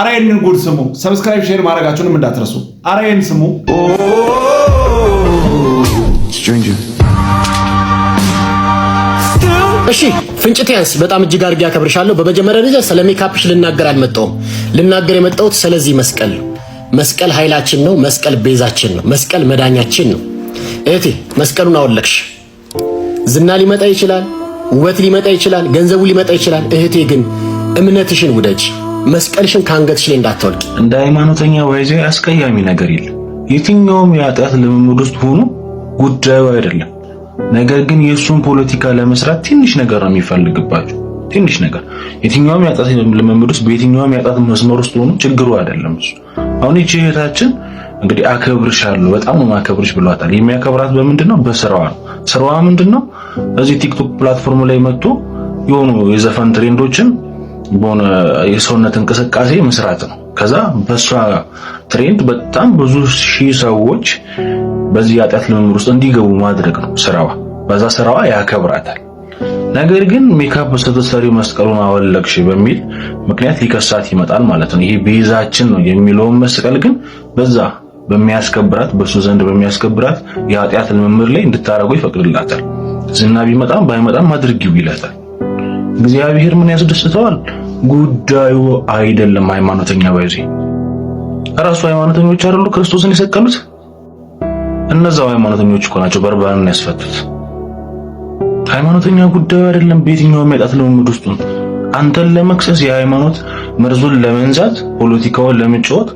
አራይንን ጉድ ስሙ። ሰብስክራይብ ሼር ማድረጋችሁንም እንዳትረሱ። አራይን ስሙ። እሺ ፍንጭት ያንስ በጣም እጅግ አድርጌ አከብርሻለሁ። በመጀመሪያ ደረጃ ስለ ሜካፕሽ ልናገር አልመጣሁም። ልናገር የመጣሁት ስለዚህ መስቀል ነው። መስቀል ኃይላችን ነው። መስቀል ቤዛችን ነው። መስቀል መዳኛችን ነው። እህቴ መስቀሉን አወለቅሽ። ዝና ሊመጣ ይችላል፣ ውበት ሊመጣ ይችላል፣ ገንዘቡ ሊመጣ ይችላል። እህቴ ግን እምነትሽን ውደጅ። መስቀልሽን ከአንገትሽ ላይ እንዳትወልቅ። እንደ ሃይማኖተኛ ወይዘ አስቀያሚ ነገር የለም። የትኛውም የኃጢአት ልምምድ ውስጥ ሆኖ ጉዳዩ አይደለም። ነገር ግን የእሱን ፖለቲካ ለመስራት ትንሽ ነገር ነው የሚፈልግባቸው። ትንሽ ነገር የትኛውም የኃጢአት ልምምድ ውስጥ በየትኛውም የኃጢአት መስመር ውስጥ ሆኖ ችግሩ አይደለም እሱ። አሁን ይቺ እህታችን እንግዲህ አከብርሻለሁ፣ በጣም ነው ማከብርሽ ብሏታል። የሚያከብራት በምንድን ነው? በስራዋ ነው። ስራዋ ምንድን ነው? እዚህ ቲክቶክ ፕላትፎርም ላይ መጥቶ የሆኑ የዘፈን ትሬንዶችን በሆነ የሰውነት እንቅስቃሴ መስራት ነው። ከዛ በእሷ ትሬንድ በጣም ብዙ ሺህ ሰዎች በዚህ የኃጢአት ልምምድ ውስጥ እንዲገቡ ማድረግ ነው ስራዋ። በዛ ስራዋ ያከብራታል። ነገር ግን ሜካፕ ስትሰሪ መስቀሉን አወለቅሽ በሚል ምክንያት ሊከሳት ይመጣል ማለት ነው። ይሄ ቤዛችን ነው የሚለውን መስቀል ግን በዛ በሚያስከብራት በሱ ዘንድ በሚያስከብራት የኃጢአት ልምምድ ላይ እንድታረጉ ይፈቅድላታል። ዝና ቢመጣም ባይመጣም አድርጊው ይላታል። እግዚአብሔር ምን ያስደስተዋል? ጉዳዩ አይደለም ሃይማኖተኛ ባይዚ እራሱ ሃይማኖተኞች አይደሉ ክርስቶስን የሰቀሉት? እነዛው ሃይማኖተኞች እኮ ናቸው በርባንን ያስፈቱት። ሃይማኖተኛ ጉዳዩ አይደለም። በየትኛውም የጣት ልምምድ ውስጥ አንተን ለመክሰስ የሃይማኖት መርዙን ለመንዛት ፖለቲካውን ለመጫወት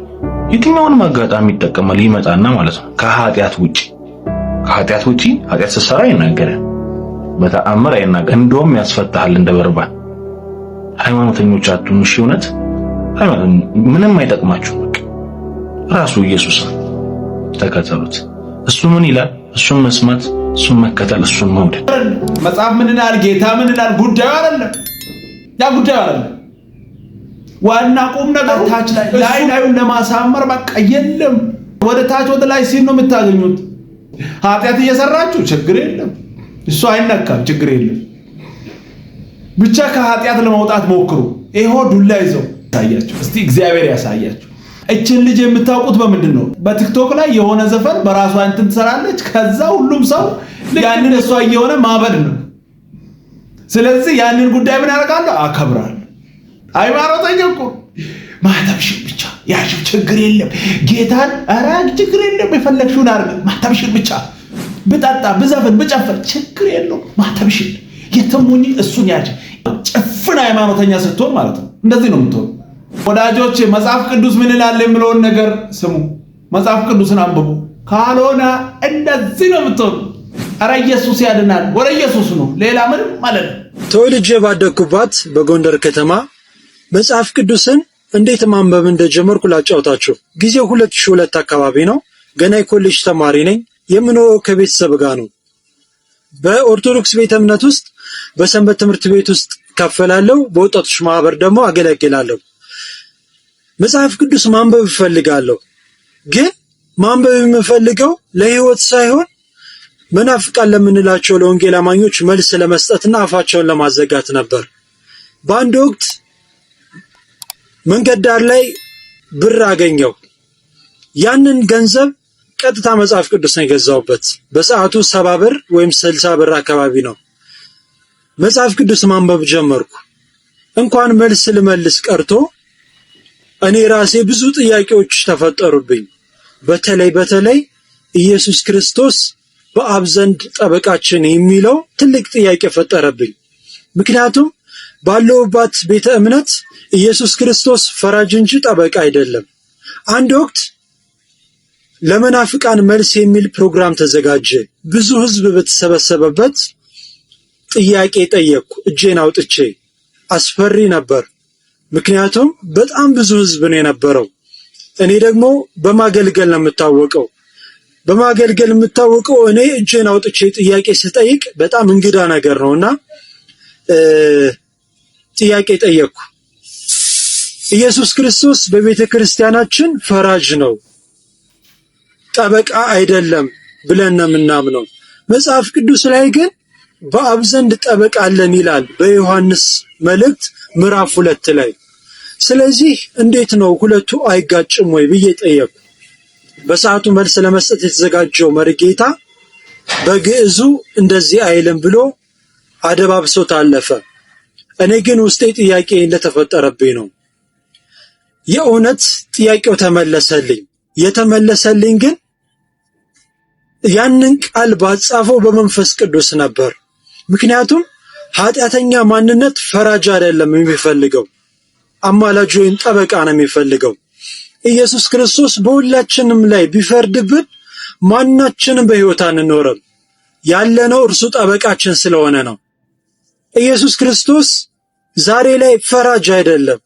የትኛውንም አጋጣሚ ይጠቀማል ይመጣና ማለት ነው። ከኃጢአት ውጪ ከኃጢአት ውጪ ኃጢአት ስትሰራ ይናገራል። በተአምር አይናገር፣ እንደውም ያስፈታሃል እንደ በርባን። ሃይማኖተኞች አትሁኑ። እሺ እውነት ምንም አይጠቅማችሁ። በቃ ራሱ ኢየሱስ ተከተሉት። እሱ ምን ይላል? እሱን መስማት፣ እሱን መከተል፣ እሱን መውደድ። መጽሐፍ ምን ይላል? ጌታ ምን ይላል? ጉዳዩ አይደለም፣ ያ ጉዳዩ አይደለም። ዋና ቁም ነገር ታች ላይ ላይ ላዩን ለማሳመር በቃ የለም። ወደ ታች ወደ ላይ ሲል ነው የምታገኙት። ኃጢአት እየሰራችሁ ችግር የለም እሱ አይነካም፣ ችግር የለም። ብቻ ከኃጢአት ለመውጣት ሞክሩ። ይሄ ዱላ ይዘው ታያችሁ። እስቲ እግዚአብሔር ያሳያችሁ። እችን ልጅ የምታውቁት በምንድን ነው? በቲክቶክ ላይ የሆነ ዘፈን በራሷ እንትን ትሰራለች። ከዛ ሁሉም ሰው ያንን እሷ እየሆነ ማበድ ነው። ስለዚህ ያንን ጉዳይ ምን ያደርጋለሁ? አከብራል። ሃይማኖተኛ እኮ ማተብሽን ብቻ ያሽ፣ ችግር የለም ጌታን፣ ኧረ ችግር የለም የፈለግሽውን አድርግ፣ ማተብሽን ብቻ ብጠጣ፣ ብዘፍን፣ ብጨፍር ችግር የለው ማተብሽል የተሞኝ እሱን ያጅ። ጭፍን ሃይማኖተኛ ስትሆን ማለት ነው። እንደዚህ ነው የምትሆን። ወዳጆች መጽሐፍ ቅዱስ ምን ይላል የምለውን ነገር ስሙ። መጽሐፍ ቅዱስን አንብቡ። ካልሆነ እንደዚህ ነው የምትሆን። ኧረ ኢየሱስ ያድናል። ወደ ኢየሱስ ነው፣ ሌላ ምንም ማለት ነው። ተወልጄ ባደግኩባት በጎንደር ከተማ መጽሐፍ ቅዱስን እንዴት ማንበብ እንደጀመርኩ ላጫውታችሁ። ጊዜው 2002 አካባቢ ነው። ገና የኮሌጅ ተማሪ ነኝ። የምኖረው ከቤተሰብ ጋር ነው። በኦርቶዶክስ ቤተ እምነት ውስጥ በሰንበት ትምህርት ቤት ውስጥ እካፈላለሁ። በወጣቶች ማህበር ደግሞ አገለግላለሁ። መጽሐፍ ቅዱስ ማንበብ እፈልጋለሁ። ግን ማንበብ የምፈልገው ለህይወት ሳይሆን መናፍቃን ለምንላቸው ለወንጌል አማኞች መልስ ለመስጠትና አፋቸውን ለማዘጋት ነበር። በአንድ ወቅት መንገድ ዳር ላይ ብር አገኘው። ያንን ገንዘብ ቀጥታ መጽሐፍ ቅዱስ ነው የገዛውበት። በሰዓቱ ሰባ ብር ወይም ስልሳ ብር አካባቢ ነው። መጽሐፍ ቅዱስ ማንበብ ጀመርኩ። እንኳን መልስ ልመልስ ቀርቶ እኔ ራሴ ብዙ ጥያቄዎች ተፈጠሩብኝ። በተለይ በተለይ ኢየሱስ ክርስቶስ በአብ ዘንድ ጠበቃችን የሚለው ትልቅ ጥያቄ ፈጠረብኝ። ምክንያቱም ባለውባት ቤተ እምነት ኢየሱስ ክርስቶስ ፈራጅ እንጂ ጠበቃ አይደለም። አንድ ወቅት ለመናፍቃን መልስ የሚል ፕሮግራም ተዘጋጀ። ብዙ ህዝብ በተሰበሰበበት ጥያቄ ጠየቅኩ። እጄን አውጥቼ አስፈሪ ነበር። ምክንያቱም በጣም ብዙ ህዝብ ነው የነበረው። እኔ ደግሞ በማገልገል ነው የምታወቀው። በማገልገል የምታወቀው እኔ እጄን አውጥቼ ጥያቄ ስጠይቅ በጣም እንግዳ ነገር ነውና ጥያቄ ጠየቅኩ። ኢየሱስ ክርስቶስ በቤተ ክርስቲያናችን ፈራጅ ነው። ጠበቃ አይደለም ብለን ነው የምናምነው። መጽሐፍ ቅዱስ ላይ ግን በአብ ዘንድ ጠበቃ አለን ይላል በዮሐንስ መልእክት ምዕራፍ ሁለት ላይ። ስለዚህ እንዴት ነው ሁለቱ አይጋጭም ወይ ብዬ ጠየቅኩ። በሰዓቱ መልስ ለመስጠት የተዘጋጀው መርጌታ በግዕዙ እንደዚህ አይልም ብሎ አደባብሶት አለፈ። እኔ ግን ውስጤ ጥያቄ እንደተፈጠረብኝ ነው። የእውነት ጥያቄው ተመለሰልኝ። የተመለሰልኝ ግን ያንን ቃል ባጻፈው በመንፈስ ቅዱስ ነበር። ምክንያቱም ኃጢአተኛ ማንነት ፈራጅ አይደለም የሚፈልገው፣ አማላጅ ወይም ጠበቃ ነው የሚፈልገው። ኢየሱስ ክርስቶስ በሁላችንም ላይ ቢፈርድብን ማናችንም በሕይወት አንኖርም። ያለነው እርሱ ጠበቃችን ስለሆነ ነው። ኢየሱስ ክርስቶስ ዛሬ ላይ ፈራጅ አይደለም።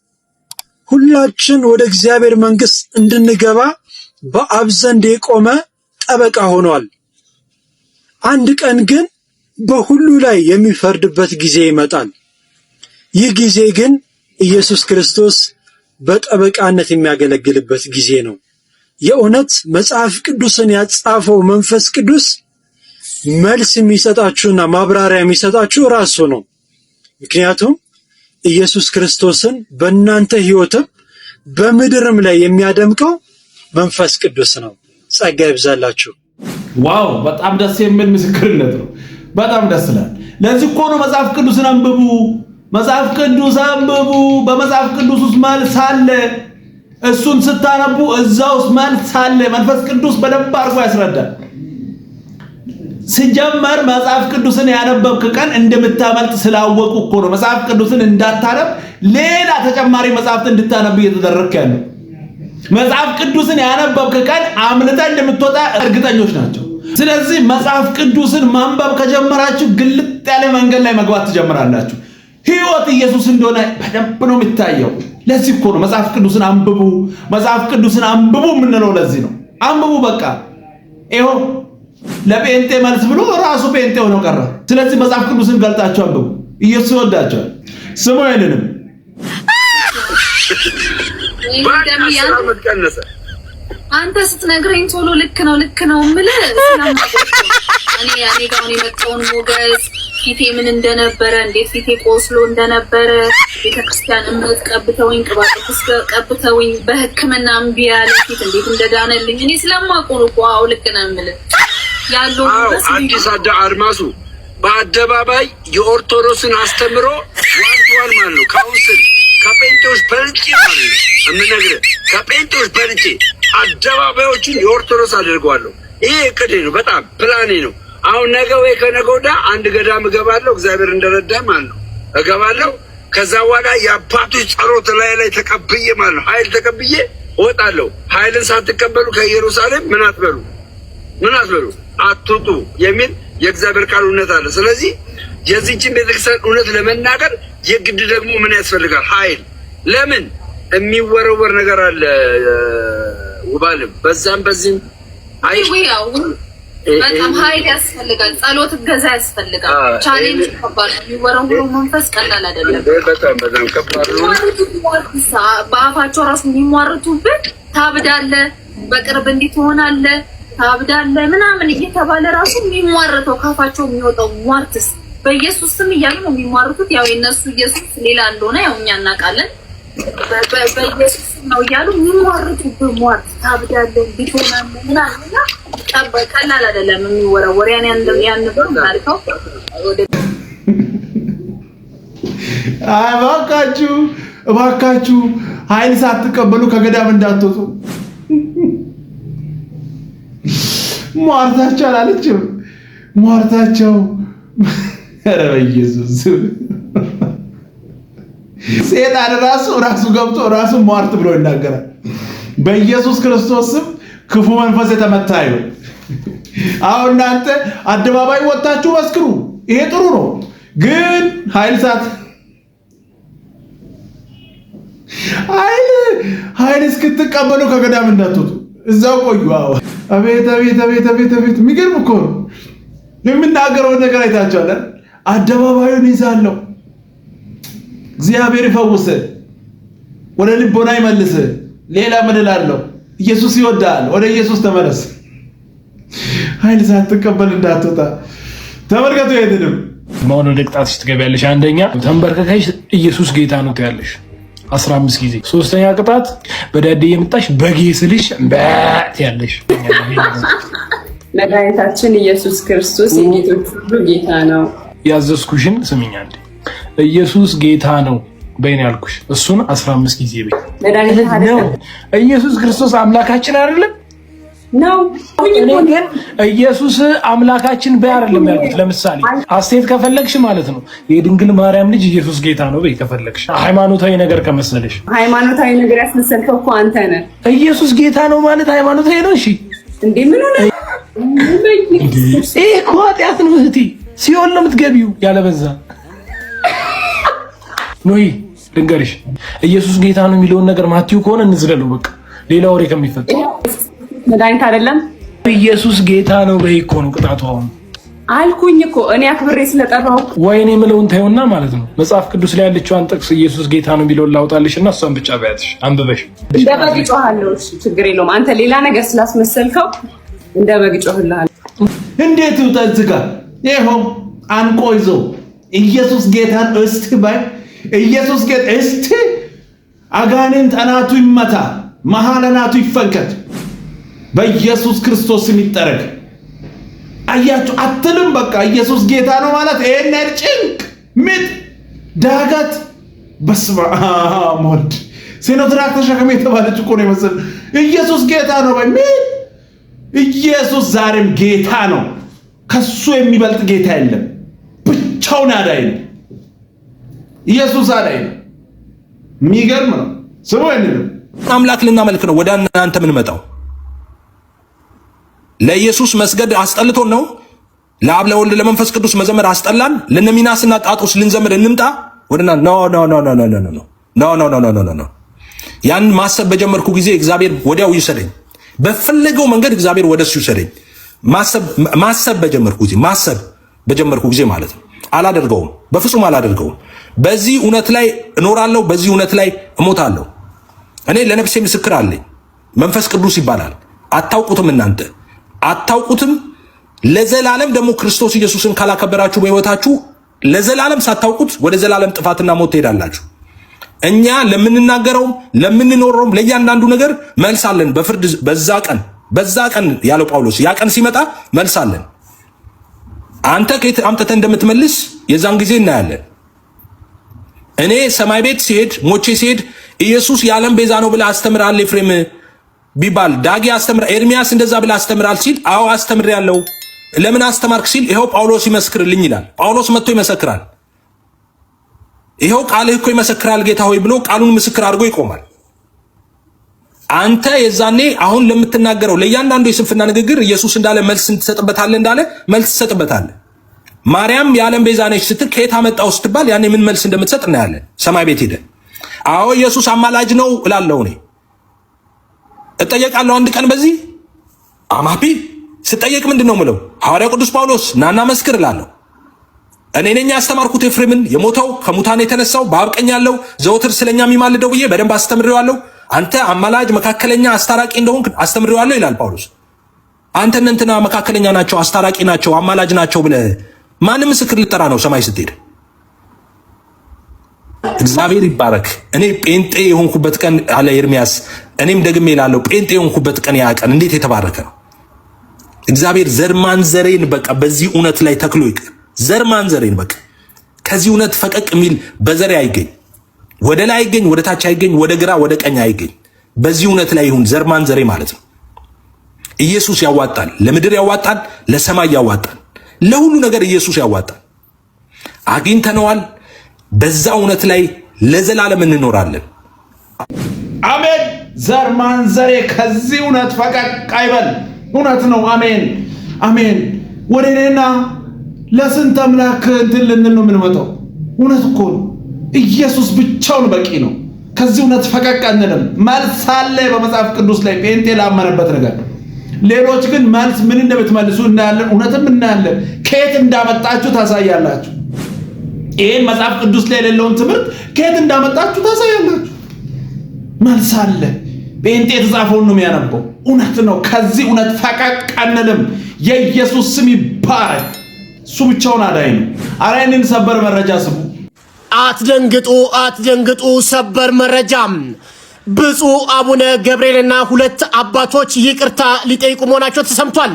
ሁላችን ወደ እግዚአብሔር መንግሥት እንድንገባ በአብ ዘንድ የቆመ ጠበቃ ሆኗል። አንድ ቀን ግን በሁሉ ላይ የሚፈርድበት ጊዜ ይመጣል። ይህ ጊዜ ግን ኢየሱስ ክርስቶስ በጠበቃነት የሚያገለግልበት ጊዜ ነው። የእውነት መጽሐፍ ቅዱስን ያጻፈው መንፈስ ቅዱስ መልስ የሚሰጣችሁና ማብራሪያ የሚሰጣችሁ ራሱ ነው። ምክንያቱም ኢየሱስ ክርስቶስን በእናንተ ሕይወትም በምድርም ላይ የሚያደምቀው መንፈስ ቅዱስ ነው። ጸጋ ይብዛላችሁ። ዋው በጣም ደስ የሚል ምስክርነት ነው። በጣም ደስ ይላል። ለዚህ እኮ ነው መጽሐፍ ቅዱስን አንብቡ፣ መጽሐፍ ቅዱስ አንብቡ። በመጽሐፍ ቅዱስ ውስጥ መልስ አለ። እሱን ስታነቡ እዛ ውስጥ መልስ አለ። መንፈስ ቅዱስ በደንብ አድርጎ ያስረዳል። ሲጀመር መጽሐፍ ቅዱስን ያነበብክ ቀን እንደምታመልጥ ስላወቁ እኮ ነው መጽሐፍ ቅዱስን እንዳታነብ ሌላ ተጨማሪ መጽሐፍት እንድታነብ እየተደረገ ያለው። መጽሐፍ ቅዱስን ያነበብክ ቀን አምልጠ እንደምትወጣ እርግጠኞች ናቸው። ስለዚህ መጽሐፍ ቅዱስን ማንበብ ከጀመራችሁ ግልጥ ያለ መንገድ ላይ መግባት ትጀምራላችሁ። ህይወት ኢየሱስ እንደሆነ በደንብ ነው የሚታየው። ለዚህ እኮ ነው መጽሐፍ ቅዱስን አንብቡ፣ መጽሐፍ ቅዱስን አንብቡ የምንለው ለዚህ ነው። አንብቡ በቃ ይኸው ለጴንጤ መልስ ብሎ ራሱ ጴንጤ ሆኖ ቀረ። ስለዚህ መጽሐፍ ቅዱስን ገልጣችሁ አንብቡ። ኢየሱስ ይወዳቸዋል። ስሙ ይልንም አንተ ስትነግረኝ ቶሎ ልክ ነው ልክ ነው የምልህ እኔ ያኔ ጋር የመጣውን ሞገስ ፊቴ ምን እንደነበረ እንዴት ፊቴ ቆስሎ እንደነበረ ቤተክርስቲያን እምነት ቀብተውኝ ቅባት ቀብተውኝ በሕክምና እምቢ ያለ ፊት እንዴት እንደዳነልኝ እኔ ስለማቆኑ ቋው ልክ ነው የምልህ ያለው አዲስ አዳ አድማሱ በአደባባይ የኦርቶዶክስን አስተምሮ ዋንት ማለት ነው ካውንስል ከጴንጤዎች በልጬ ማለት የምነግርህ ከጴንጤዎች በልጬ አደባባዮችን የኦርቶዶክስ አድርገዋለሁ። ይህ እቅዴ ነው፣ በጣም ፕላኔ ነው። አሁን ነገ ወይ ከነገ ወዲያ አንድ ገዳም እገባለሁ። እግዚአብሔር እንደረዳ ማለት ነው እገባለሁ። ከዛ በኋላ የአባቶች ጸሎት ላይ ላይ ተቀብዬ ማለት ነው ኃይል ተቀብዬ እወጣለሁ። ኃይልን ሳትቀበሉ ከኢየሩሳሌም ምን አትበሉ፣ ምን አትበሉ፣ አትውጡ የሚል የእግዚአብሔር ቃል እውነት አለ። ስለዚህ የዚህችን ቤተክርስቲያን እውነት ለመናገር የግድ ደግሞ ምን ያስፈልጋል? ኃይል ለምን የሚወረወር ነገር አለ። ውባልም በዛም በዚህም በጣም ኃይል ያስፈልጋል። ጸሎት፣ እገዛ ያስፈልጋል። ቻሌንጅ ከባድ ነው። መንፈስ ቀላል አይደለም። በጣም በጣም ከባድ ነው። በአፋቸው ራሱ የሚሟርቱብን ታብዳለ፣ በቅርብ እንዲህ ትሆናለ፣ ታብዳለ ምናምን እየተባለ ራሱ የሚሟርተው ካፋቸው የሚወጣው ሟርትስ በኢየሱስ ስም እያሉ ነው የሚሟርቱት። ያው የነሱ ኢየሱስ ሌላ እንደሆነ ያው እኛ እናውቃለን። በኢየሱስ ነው እያሉ የሚሟርቱ ብሟርት ታብዳለን ቢሆና ምናምና ቀላል አይደለም የሚወረወር ያን ያንበሩ ታሪካው ወደ እባካችሁ እባካችሁ ኃይል ሳትቀበሉ ከገዳም እንዳትወጡ። ሟርታቸው አላለችም ሟርታቸው ኧረ በኢየሱስ ሴጣን ራሱ ራሱ ገብቶ ራሱን ሟርት ብሎ ይናገራል። በኢየሱስ ክርስቶስ ስም ክፉ መንፈስ የተመታ ይሁን። አሁን እናንተ አደባባይ ወጥታችሁ መስክሩ፣ ይሄ ጥሩ ነው። ግን ኃይል ሳት ኃይል ኃይል እስክትቀበሉ ከገዳም እንዳትወጡ እዛው ቆዩ። አዎ አቤት አቤት አቤት አቤት አቤት! የሚገርም እኮ ነው የምናገረውን ነገር አይታችኋል። አደባባዩን ይዛለሁ። እግዚአብሔር ይፈውስ፣ ወደ ልቦና ይመልስ። ሌላ ምን እላለሁ? ኢየሱስ ይወዳል። ወደ ኢየሱስ ተመለስ። ኃይል ሳትቀበል እንዳትወጣ ተመልከቱ። የትንም መሆን ወደ ቅጣት ትገቢያለሽ። አንደኛ ተንበርከካሽ ኢየሱስ ጌታ ነው ትያለሽ 15 ጊዜ። ሶስተኛ ቅጣት በዳዴ የምጣሽ በጌ ስልሽ በት ያለሽ መድኃኒታችን ኢየሱስ ክርስቶስ የጌቶች ሁሉ ጌታ ነው። ያዘዝኩሽን ስሚኝ እንዴ ኢየሱስ ጌታ ነው በይን ያልኩሽ እሱን 15 ጊዜ በይ። ነው። ኢየሱስ ክርስቶስ አምላካችን አይደለም ነው ግን ኢየሱስ አምላካችን በይ አይደለም ያልኩት። ለምሳሌ አስቴት ከፈለግሽ ማለት ነው የድንግል ማርያም ልጅ ኢየሱስ ጌታ ነው በይ ከፈለግሽ፣ ሃይማኖታዊ ነገር ከመሰለሽ። ሃይማኖታዊ ነገር ያስመሰልከው እኮ አንተ ነህ። ኢየሱስ ጌታ ነው ማለት ሃይማኖታዊ ነው። እሺ እንዴ ምን ሆነ? ይህ እኮ ኃጢአት ነው እህቴ ሲሆን ነው የምትገቢው። ያለበዛ ኖይ ልንገርሽ፣ ኢየሱስ ጌታ ነው የሚለውን ነገር ማቲው ከሆነ እንዝለለው። በቃ ሌላ ወሬ ከሚፈጠር መድኃኒት አይደለም። ኢየሱስ ጌታ ነው በይ እኮ ነው ቅጣቱ። አሁን አልኩኝ እኮ እኔ አክብሬ ስለጠራው ወይኔ የምለውን ታዩና ማለት ነው። መጽሐፍ ቅዱስ ላይ ያለችዋን ጥቅስ ኢየሱስ ጌታ ነው የሚለውን ላውጣልሽ እና እሷን ብቻ በያትሽ አንብበሽ እንደ በግ ጮሃለሁ። ችግር የለውም አንተ ሌላ ነገር ስላስመሰልከው እንደ በግ ጮህልሃል። እንዴት ውጣ እዚህ ጋር ይኸው አንቆ ይዞ ኢየሱስ ጌታን እስቲ ባይ ኢየሱስ ጌታ እስቲ አጋንንት አናቱ ይመታ፣ መሃል አናቱ ይፈንከት፣ በኢየሱስ ክርስቶስ የሚጠረግ አያችሁ አትልም። በቃ ኢየሱስ ጌታ ነው ማለት ይሄን ያህል ጭንቅ፣ ምጥ፣ ዳገት በስመ አብ ወልድ ሲኖትራክ ተሸከም የተባለች እኮ ነው የመሰለኝ። ኢየሱስ ጌታ ነው በሚል ኢየሱስ ዛሬም ጌታ ነው። ከሱ የሚበልጥ ጌታ የለም። ብቻውን አዳኝ ነው። ኢየሱስ አዳይ ነው። የሚገርም ነው። ስሙ አምላክ ልናመልክ ነው ወደ እናንተ የምንመጣው። ለኢየሱስ መስገድ አስጠልቶን ነው። ለአብ ለወልድ ለመንፈስ ቅዱስ መዘመር አስጠላን። ለነሚናስና ጣጦስ ልንዘምር እንምጣ ወደና ኖ ኖ ኖ ኖ ኖ ኖ ኖ ኖ ኖ ኖ ኖ። ያን ማሰብ በጀመርኩ ጊዜ እግዚአብሔር ወዲያው ይውሰደኝ፣ በፈለገው መንገድ እግዚአብሔር ወደሱ ይውሰደኝ። ማሰብ በጀመርኩ ጊዜ ማሰብ በጀመርኩ ጊዜ ማለት ነው። አላደርገውም፣ በፍጹም አላደርገውም። በዚህ እውነት ላይ እኖራለሁ፣ በዚህ እውነት ላይ እሞታለሁ። እኔ ለነፍሴ ምስክር አለኝ። መንፈስ ቅዱስ ይባላል። አታውቁትም፣ እናንተ አታውቁትም። ለዘላለም ደግሞ ክርስቶስ ኢየሱስን ካላከበራችሁ በህይወታችሁ ለዘላለም ሳታውቁት ወደ ዘላለም ጥፋትና ሞት ትሄዳላችሁ። እኛ ለምንናገረውም ለምንኖረውም ለእያንዳንዱ ነገር መልስ አለን በፍርድ በዛ ቀን በዛ ቀን ያለው ጳውሎስ ያ ቀን ሲመጣ መልሳለን። አንተ ከየት አምጥተህ እንደምትመልስ የዛን ጊዜ እናያለን። እኔ ሰማይ ቤት ሲሄድ ሞቼ ሲሄድ ኢየሱስ የዓለም ቤዛ ነው ብለህ አስተምራል ኤፍሬም ቢባል ዳጊ አስተምራ ኤርሚያስ እንደዛ ብለህ አስተምራል ሲል አዎ አስተምር ያለው ለምን አስተማርክ ሲል ይኸው ጳውሎስ ይመስክርልኝ ይላል። ጳውሎስ መጥቶ ይመሰክራል። ይኸው ቃልህ እኮ ይመሰክራል ጌታ ሆይ ብሎ ቃሉን ምስክር አድርጎ ይቆማል። አንተ የዛኔ አሁን ለምትናገረው ለእያንዳንዱ የስንፍና ንግግር ኢየሱስ እንዳለ መልስ ትሰጥበታለህ፣ እንዳለ መልስ ትሰጥበታለህ። ማርያም የዓለም ቤዛ ነች ስትል ከየት አመጣው ስትባል ያኔ ምን መልስ እንደምትሰጥ እናያለን። ሰማይ ቤት ሄደ። አዎ ኢየሱስ አማላጅ ነው እላለሁ እኔ እጠየቃለሁ። አንድ ቀን በዚህ አማፒ ስጠየቅ ምንድን ነው ምለው? ሐዋርያ ቅዱስ ጳውሎስ ናና መስክር እላለሁ። እኔ ነኝ ያስተማርኩት ኤፍሬምን የሞተው ከሙታን የተነሳው በአብ ቀኝ ያለው ዘወትር ስለኛ የሚማልደው ብዬ በደንብ አስተምሬዋለሁ። አንተ አማላጅ መካከለኛ አስታራቂ እንደሆንክ አስተምሬዋለሁ ይላል ጳውሎስ። አንተ እነንትና መካከለኛ ናቸው፣ አስታራቂ ናቸው፣ አማላጅ ናቸው ብለህ ማንም ምስክር ልጠራ ነው ሰማይ ስትሄድ። እግዚአብሔር ይባረክ። እኔ ጴንጤ የሆንኩበት ቀን አለ ኤርሚያስ። እኔም ደግሜ እላለሁ ጴንጤ የሆንኩበት ቀን ያ ቀን እንዴት የተባረከ ነው! እግዚአብሔር ዘርማን ዘሬን በቃ በዚህ እውነት ላይ ተክሎ ይቅር ዘር ማንዘሬን በቃ ከዚህ እውነት ፈቀቅ የሚል በዘር አይገኝ፣ ወደ ላይ አይገኝ፣ ወደ ታች አይገኝ፣ ወደ ግራ ወደ ቀኝ አይገኝ። በዚህ እውነት ላይ ይሁን ዘር ማንዘሬ ማለት ነው። ኢየሱስ ያዋጣል፣ ለምድር ያዋጣል፣ ለሰማይ ያዋጣል፣ ለሁሉ ነገር ኢየሱስ ያዋጣል። አግኝተነዋል። በዛ እውነት ላይ ለዘላለም እንኖራለን። አሜን። ዘር ማንዘሬ ከዚህ እውነት ፈቀቅ አይበል። እውነት ነው። አሜን፣ አሜን። ወደ እኔና ለስንት አምላክ እንትን ልንል ነው የምንመጣው? እውነት እኮ ነው። ኢየሱስ ብቻውን በቂ ነው። ከዚህ እውነት ፈቀቅ አንልም። መልስ አለ በመጽሐፍ ቅዱስ ላይ ጴንጤ ላመነበት ነገር። ሌሎች ግን መልስ ምን እንደምትመልሱ እናያለን፣ እውነትም እናያለን። ከየት እንዳመጣችሁ ታሳያላችሁ። ይህን መጽሐፍ ቅዱስ ላይ የሌለውን ትምህርት ከየት እንዳመጣችሁ ታሳያላችሁ። መልስ አለ። ጴንጤ የተጻፈውን ነው የሚያነበው። እውነት ነው። ከዚህ እውነት ፈቀቅ አንልም። የኢየሱስ ስም ይባረክ። እሱ ብቻውን አዳኝ ነው። አዳይንን ሰበር መረጃ ስሙ። አትደንግጡ፣ አትደንግጡ። ሰበር መረጃ ብፁዕ አቡነ ገብርኤልና ሁለት አባቶች ይቅርታ ሊጠይቁ መሆናቸው ተሰምቷል።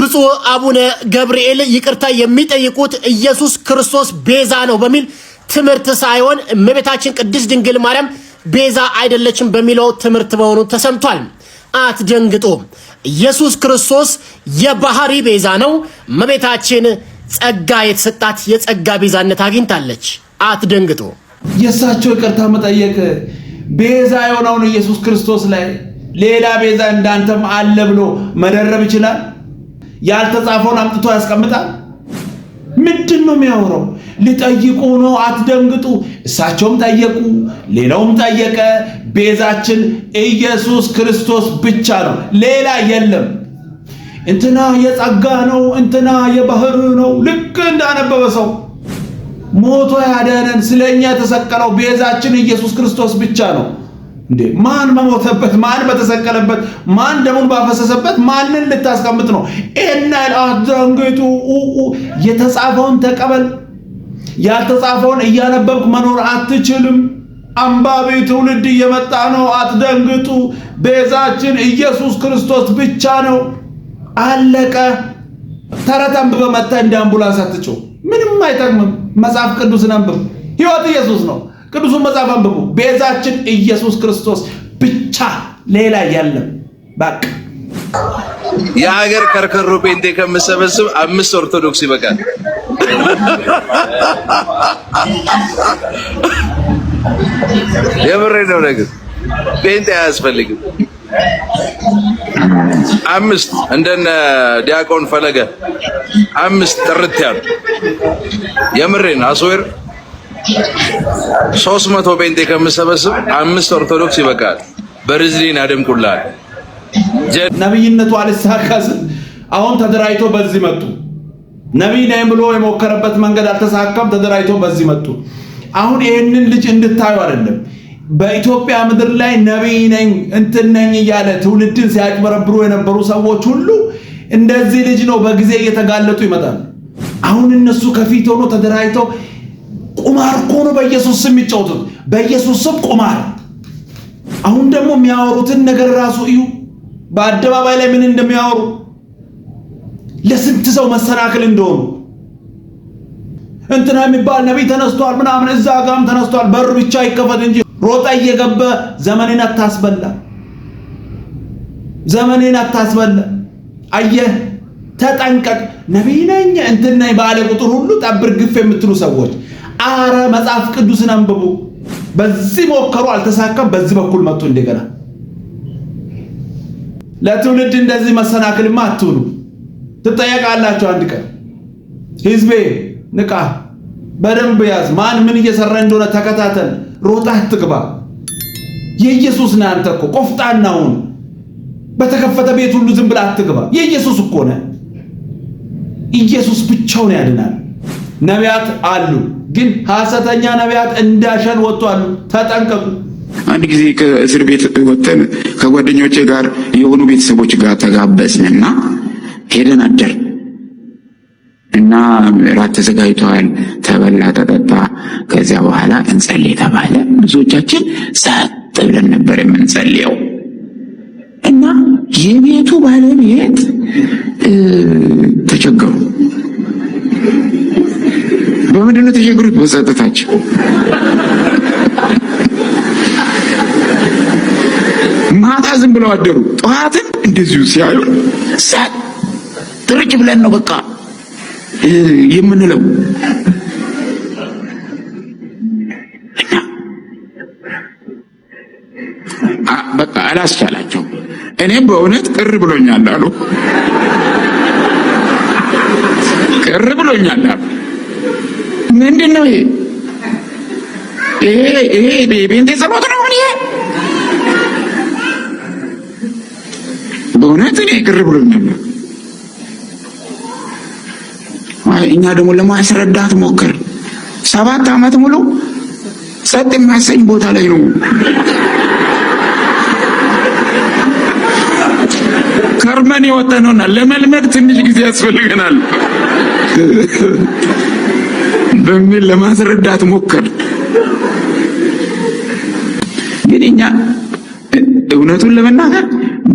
ብፁዕ አቡነ ገብርኤል ይቅርታ የሚጠይቁት ኢየሱስ ክርስቶስ ቤዛ ነው በሚል ትምህርት ሳይሆን እመቤታችን ቅድስት ድንግል ማርያም ቤዛ አይደለችም በሚለው ትምህርት መሆኑ ተሰምቷል። አትደንግጡ። ኢየሱስ ክርስቶስ የባህሪ ቤዛ ነው። እመቤታችን ጸጋ የተሰጣት የጸጋ ቤዛነት አግኝታለች። አትደንግጡ። የእሳቸው ይቅርታ መጠየቅ ቤዛ የሆነውን ኢየሱስ ክርስቶስ ላይ ሌላ ቤዛ እንዳንተም አለ ብሎ መደረብ ይችላል። ያልተጻፈውን አምጥቶ ያስቀምጣል። ምንድን ነው የሚያወራው? ልጠይቁ ነው፣ አትደንግጡ። እሳቸውም ጠየቁ፣ ሌላውም ጠየቀ። ቤዛችን ኢየሱስ ክርስቶስ ብቻ ነው፣ ሌላ የለም። እንትና የጸጋ ነው፣ እንትና የባህር ነው። ልክ እንዳነበበ ሰው ሞቶ ያዳነን ስለኛ የተሰቀለው ቤዛችን ኢየሱስ ክርስቶስ ብቻ ነው። እንዴ ማን በሞተበት ማን በተሰቀለበት ማን ደሙን ባፈሰሰበት ማንን ልታስቀምጥ ነው? እና አትደንግጡ፣ የተጻፈውን ተቀበል። ያልተጻፈውን እያነበብክ መኖር አትችልም። አንባቢ ትውልድ እየመጣ ነው። አትደንግጡ። ቤዛችን ኢየሱስ ክርስቶስ ብቻ ነው። አለቀ። ተረት አንብበ መጥተህ እንደ አምቡላንስ አትጮ፣ ምንም አይጠቅምም። መጽሐፍ ቅዱስን አንብብ። ህይወት ኢየሱስ ነው። ቅዱሱን መጽሐፍ አንብቡ። ቤዛችን ኢየሱስ ክርስቶስ ብቻ፣ ሌላ ያለም በቃ የሀገር ከርከሮ ጴንጤ ከምሰበስብ አምስት ኦርቶዶክስ ይበቃል። የምሬ ነው ነገር ጴንጤ አያስፈልግም። አምስት እንደነ ዲያቆን ፈለገ አምስት ጥርት ያሉ የምሬን አስዌር ሶስት መቶ ጴንጤ ከምሰበስብ አምስት ኦርቶዶክስ ይበቃል። በርዝሊን አደምቁላል። ነቢይነቱ አልሳካስም። አሁን ተደራጅቶ በዚህ መጡ። ነቢይ ነኝ ብሎ የሞከረበት መንገድ አልተሳካም። ተደራጅቶ በዚህ መጡ። አሁን ይህንን ልጅ እንድታዩ አይደለም በኢትዮጵያ ምድር ላይ ነቢይ ነኝ እንትን ነኝ እያለ ትውልድን ሲያጭበረብሩ የነበሩ ሰዎች ሁሉ እንደዚህ ልጅ ነው በጊዜ እየተጋለጡ ይመጣሉ። አሁን እነሱ ከፊት ሆኖ ተደራጅተው ቁማር እኮ ነው በኢየሱስ ስም የሚጫወቱት፣ በኢየሱስ ስም ቁማር። አሁን ደግሞ የሚያወሩትን ነገር ራሱ እዩ። በአደባባይ ላይ ምን እንደሚያወሩ ለስንት ሰው መሰናክል እንደሆኑ እንትና የሚባል ነቢይ ተነስቷል ምናምን እዛ ጋም ተነስቷል። በሩ ብቻ ይከፈት እንጂ ሮጣ እየገበ ዘመኔን አታስበላ፣ ዘመኔን አታስበላ። አየህ፣ ተጠንቀቅ። ነቢይ ነኝ እንትና ባለ ቁጥር ሁሉ ጠብር ግፍ የምትሉ ሰዎች አረ መጽሐፍ ቅዱስን አንብቡ። በዚህ ሞከሩ፣ አልተሳካም። በዚህ በኩል መጡ እንደገና ለትውልድ እንደዚህ መሰናክልማ አትሁኑ፣ ትጠየቃላችሁ አንድ ቀን። ህዝቤ ንቃ፣ በደንብ ያዝ። ማን ምን እየሰራ እንደሆነ ተከታተል። ሮጣ ትግባ የኢየሱስ ነህ አንተ እኮ ቆፍጣናውን በተከፈተ ቤት ሁሉ ዝም ብላ አትግባ። የኢየሱስ እኮ ነህ። ኢየሱስ ብቻውን ያድናል። ነቢያት አሉ፣ ግን ሐሰተኛ ነቢያት እንዳሸን አሉ ተጠንቀቁ። አንድ ጊዜ ከእስር ቤት ወጥተን ከጓደኞቼ ጋር የሆኑ ቤተሰቦች ጋር ተጋበዝንና ሄደን አደር እና ራት ተዘጋጅተዋል። ተበላ፣ ተጠጣ። ከዚያ በኋላ እንጸልይ ተባለ። ብዙዎቻችን ሰጥ ብለን ነበር የምንጸልየው እና የቤቱ ባለቤት ተቸገሩ። በምንድን ነው ተቸገሩት? በጸጥታቸው ማታ ዝም ብለው አደሩ። ጠዋትን እንደዚሁ ሲያዩ ሳት ድርጭ ብለን ነው በቃ የምንለው እና በቃ አላስቻላቸው። እኔም በእውነት ቅር ብሎኛል አሉ ቅር ብሎኛል አሉ። ምንድን ነው ይሄ? ይሄ ይሄ ጸሎት ነው በእውነት እኔ ቅር ብሎኛል። እኛ ደግሞ ለማስረዳት ሞከር። ሰባት አመት ሙሉ ጸጥ የሚያሰኝ ቦታ ላይ ነው ከርመን የወጣነውና ለመልመድ ትንሽ ጊዜ ያስፈልገናል በሚል ለማስረዳት ሞከር። ግን እኛ እውነቱን ለመናገር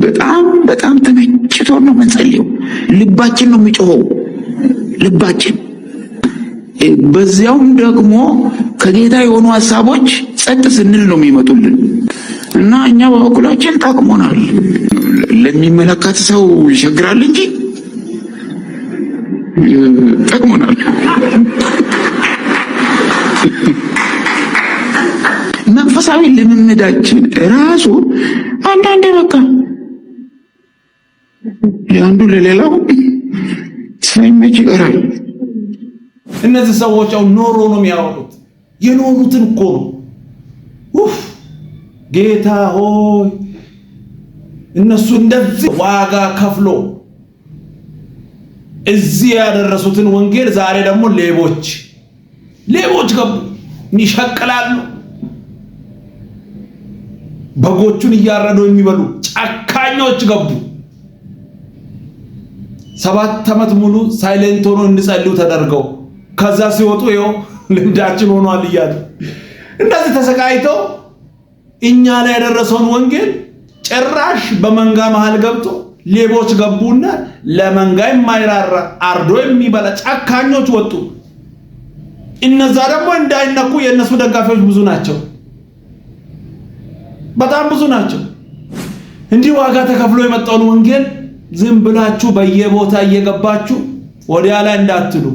በጣም በጣም ተገጭቶ ነው የምንጸልየው። ልባችን ነው የሚጮኸው ልባችን። በዚያውም ደግሞ ከጌታ የሆኑ ሀሳቦች ጸጥ ስንል ነው የሚመጡልን እና እኛ በበኩላችን ጠቅሞናል። ለሚመለከት ሰው ይቸግራል እንጂ ጠቅሞናል። መንፈሳዊ ልምምዳችን ራሱ አንዳንዴ በቃ ለአንዱ ለሌላው ሳይመች ይቀራል። እነዚህ ሰዎች አሁን ኖሮ ነው የሚያወሩት፣ የኖሩትን እኮ ነው። ውፍ ጌታ ሆይ እነሱ እንደዚህ ዋጋ ከፍሎ እዚህ ያደረሱትን ወንጌል ዛሬ ደግሞ ሌቦች ሌቦች ገቡ፣ ይሸቅላሉ። በጎቹን እያረዱ የሚበሉ ጨካኞች ገቡ። ሰባት ዓመት ሙሉ ሳይለንት ሆኖ እንጸልዩ ተደርገው ከዛ ሲወጡ ይኸው ልምዳችን ሆኗል እያሉ እንደዚህ ተሰቃይተው እኛ ላይ የደረሰውን ወንጌል ጭራሽ በመንጋ መሃል ገብቶ ሌቦች ገቡና ለመንጋ የማይራራ አርዶ የሚበላ ጫካኞች ወጡ። እነዛ ደግሞ እንዳይነኩ የእነሱ ደጋፊዎች ብዙ ናቸው፣ በጣም ብዙ ናቸው። እንዲህ ዋጋ ተከፍሎ የመጣውን ወንጌል ዝም ብላችሁ በየቦታ እየገባችሁ ወዲያ ላይ እንዳትሉ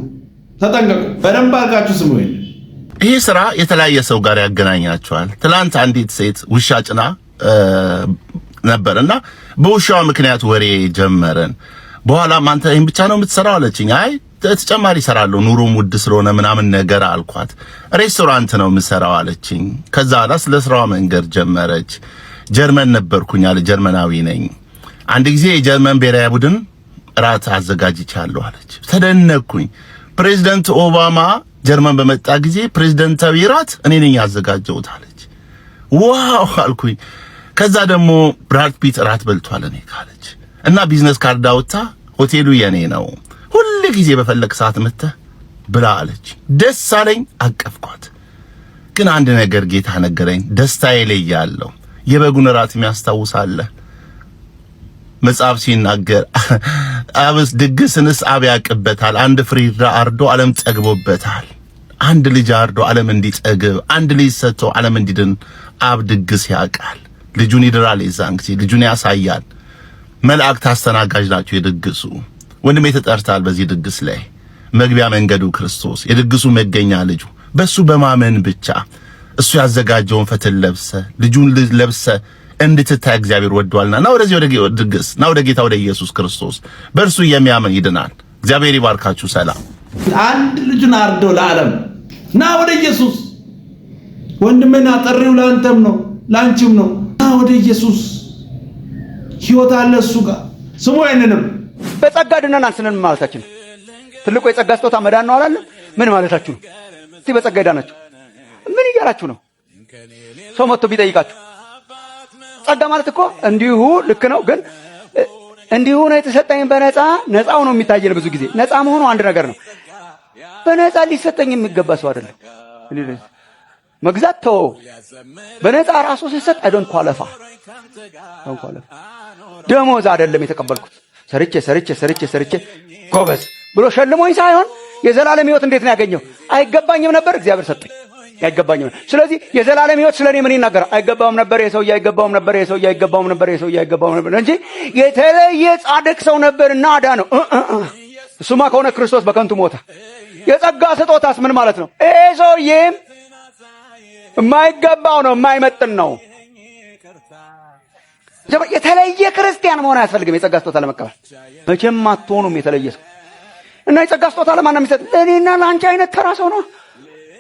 ተጠንቀቁ። በደንብ አድርጋችሁ ስሙ። ይህ ስራ የተለያየ ሰው ጋር ያገናኛቸዋል። ትላንት አንዲት ሴት ውሻ ጭና ነበር እና በውሻዋ ምክንያት ወሬ ጀመርን። በኋላ አንተ ይህን ብቻ ነው የምትሰራው አለችኝ። አይ ተጨማሪ እሰራለሁ ኑሮም ውድ ስለሆነ ምናምን ነገር አልኳት። ሬስቶራንት ነው የምሰራው አለችኝ። ከዛ ኋላ ስለ ስራዋ መንገድ ጀመረች። ጀርመን ነበርኩኝ አለ ጀርመናዊ ነኝ አንድ ጊዜ የጀርመን ብሔራዊ ቡድን እራት አዘጋጅቻለሁ አለች። ተደነቅኩኝ። ፕሬዚደንት ኦባማ ጀርመን በመጣ ጊዜ ፕሬዚደንታዊ እራት እኔ ነኝ ያዘጋጀሁት አለች። ዋው አልኩኝ። ከዛ ደግሞ ብራድ ፒት እራት በልቷል እኔ ካለች እና ቢዝነስ ካርድ አውጥታ ሆቴሉ የኔ ነው ሁል ጊዜ በፈለግ ሰዓት መጥተህ ብላ አለች። ደስ አለኝ፣ አቀፍኳት። ግን አንድ ነገር ጌታ ነገረኝ። ደስታዬ ላይ ያለው የበጉን እራት የሚያስታውሳለህ መጽሐፍ ሲናገር አብስ ድግስንስ አብ ያቅበታል። አንድ ፍሪዳ አርዶ ዓለም ጠግቦበታል። አንድ ልጅ አርዶ ዓለም እንዲጠግብ፣ አንድ ልጅ ሰጥቶ ዓለም እንዲድን አብ ድግስ ያቃል። ልጁን ይድራል። የዛን ጊዜ ልጁን ያሳያል። መላእክት አስተናጋጅ ናቸው የድግሱ። ወንድሜ ተጠርታል። በዚህ ድግስ ላይ መግቢያ መንገዱ ክርስቶስ፣ የድግሱ መገኛ ልጁ። በሱ በማመን ብቻ እሱ ያዘጋጀውን ፈትል ለብሰ ልጁን ለብሰ እንድትታይ እግዚአብሔር ወደዋልና ና ወደዚህ ወደ ድግስ ና ወደ ጌታ ወደ ኢየሱስ ክርስቶስ በእርሱ የሚያምን ይድናል። እግዚአብሔር ይባርካችሁ። ሰላም። አንድ ልጁን አርዶ ለዓለም ና ወደ ኢየሱስ ወንድምና ጥሪው ለአንተም ነው ለአንቺም ነው። ና ወደ ኢየሱስ ሕይወት አለ እሱ ጋር ስሙ። ይንንም በጸጋ ድነናል ስንን ማለታችን ትልቁ የጸጋ ስጦታ መዳን ነው አላለም? ምን ማለታችሁ ነው? እስቲ በጸጋ ይዳናችሁ ምን እያላችሁ ነው? ሰው መጥቶ ቢጠይቃችሁ ጸጋ ማለት እኮ እንዲሁ ልክ ነው፣ ግን እንዲሁ ነው የተሰጠኝ በነፃ ነፃው ነው የሚታየን። ብዙ ጊዜ ነፃ መሆኑ አንድ ነገር ነው። በነፃ ሊሰጠኝ የሚገባ ሰው አይደለም። መግዛት ተወው። በነፃ ራሱ ሲሰጥ አይዶን ኳለፋ ደሞዝ አይደለም የተቀበልኩት ሰርቼ ሰርቼ ሰርቼ ሰርቼ ጎበዝ ብሎ ሸልሞኝ ሳይሆን የዘላለም ሕይወት እንዴት ነው ያገኘው? አይገባኝም ነበር፣ እግዚአብሔር ሰጠኝ። አይገባኝም። ስለዚህ የዘላለም ሕይወት ስለ እኔ ምን ይናገራል? አይገባውም ነበር ይሄ ሰውዬ፣ አይገባውም ነበር ይሄ ሰውዬ፣ አይገባውም ነበር ይሄ ሰውዬ፣ አይገባውም ነበር እንጂ የተለየ ጻድቅ ሰው ነበርና አዳ ነው። እሱማ ከሆነ ክርስቶስ በከንቱ ሞታ። የጸጋ ስጦታስ ምን ማለት ነው? ይሄ ሰውዬም የማይገባው ነው፣ የማይመጥን ነው። የተለየ ክርስቲያን መሆን አያስፈልግም የጸጋ ስጦታ ለመቀበል። መቼም አትሆኑም የተለየ ሰው እና የጸጋ ስጦታ ለማን ነው የሚሰጥ? እኔና ለአንቺ አይነት ተራ ሰው ነው።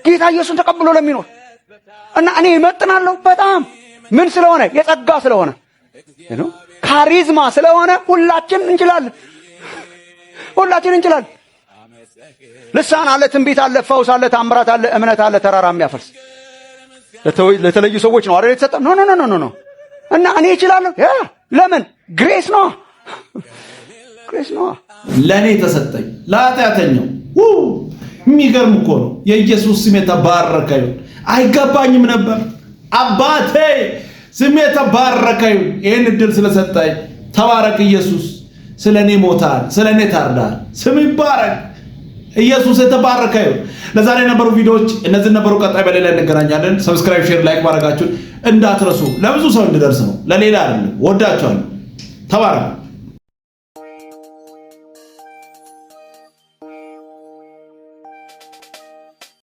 ጌታ ኢየሱስን ተቀብሎ ለሚኖር እና እኔ እመጥናለሁ በጣም ምን ስለሆነ የጸጋ ስለሆነ ካሪዝማ ስለሆነ ሁላችን እንችላለን፣ ሁላችን እንችላለን። ልሳን አለ፣ ትንቢት አለ፣ ፈውስ አለ፣ ታምራት አለ፣ እምነት አለ፣ ተራራ የሚያፈርስ ለተለዩ ሰዎች ነው አይደል የተሰጠ? ኖ ኖ ኖ ኖ ኖ። እና እኔ እችላለሁ። ያ ለምን ግሬስ ነው፣ ግሬስ ነው ለእኔ ተሰጠኝ ለኃጢአተኛው የሚገርም እኮ ነው። የኢየሱስ ስም የተባረከ ይሁን። አይገባኝም ነበር አባቴ ስም የተባረከ ይሁን። ይህን እድል ስለሰጠኝ ተባረክ ኢየሱስ። ስለ እኔ ሞታል፣ ስለ እኔ ታርዳል። ስም ይባረክ። ኢየሱስ የተባረከ ይሁን። ለዛሬ የነበሩ ቪዲዮዎች እነዚህ ነበሩ። ቀጣይ በሌላ እንገናኛለን። ሰብስክራይብ፣ ሼር፣ ላይክ ማድረጋችሁን እንዳትረሱ። ለብዙ ሰው እንድደርስ ነው፣ ለሌላ አይደለም። ወዳችኋለሁ። ተባረክ።